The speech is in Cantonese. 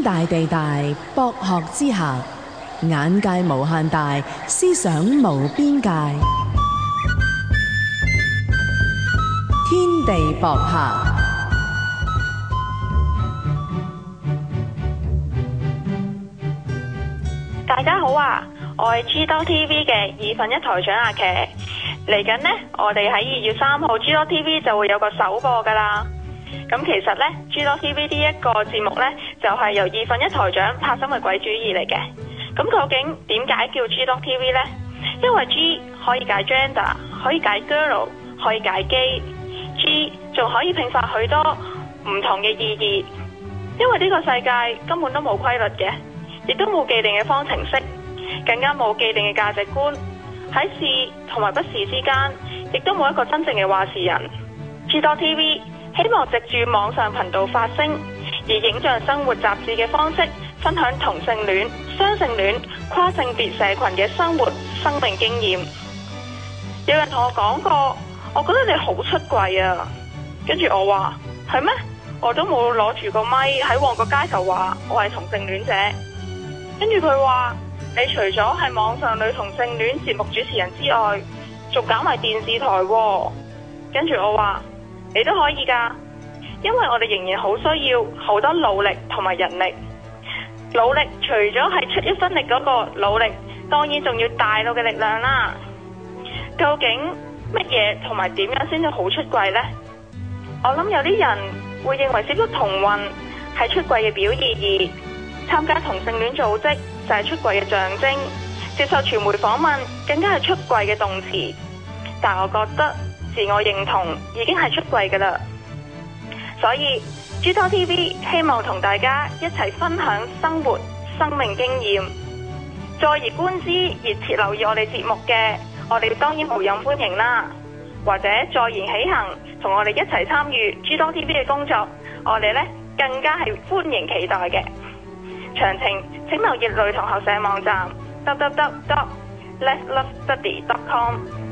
天大地大，博學之下眼界無限大，思想無邊界。天地博客，大家好啊！我係 GdotTV 嘅二分一台長阿琪，嚟緊呢，我哋喺二月三號 GdotTV 就會有個首播㗎喇。咁其實呢 G dot TV 呢一個節目呢，就係、是、由二分一台長拍心嘅鬼主意嚟嘅。咁究竟點解叫 G dot TV 呢？因為 G 可以解 gender，可以解 girl，可以解基。G 仲可以拼發許多唔同嘅意義。因為呢個世界根本都冇規律嘅，亦都冇既定嘅方程式，更加冇既定嘅價值觀。喺是同埋不是之間，亦都冇一個真正嘅話事人。G dot TV。希望藉住網上頻道發聲，以影像生活雜誌嘅方式分享同性戀、雙性戀、跨性別社群嘅生活生命經驗。有人同我講過，我覺得你好出櫃啊。跟住我話，係咩？我都冇攞住個咪喺旺角街頭話我係同性戀者。跟住佢話，你除咗係網上女同性戀節目主持人之外，仲搞埋電視台喎。跟住我話。你都可以噶，因為我哋仍然好需要好多努力同埋人力。努力除咗係出一分力嗰個努力，當然仲要大腦嘅力量啦。究竟乜嘢同埋點樣先至好出櫃呢？我諗有啲人會認為接咗同運係出櫃嘅表現，而參加同性戀組織就係出櫃嘅象徵，接受傳媒訪問更加係出櫃嘅動詞。但我覺得。自我認同已經係出櫃噶啦，所以 G dot TV 希望同大家一齊分享生活生命經驗。再而觀之，熱切留意我哋節目嘅，我哋當然無任歡迎啦。或者再言起行，同我哋一齊參與 G dot TV 嘅工作，我哋咧更加係歡迎期待嘅。詳情請留意女同學社網站 dot dot dot dot let love study dot com。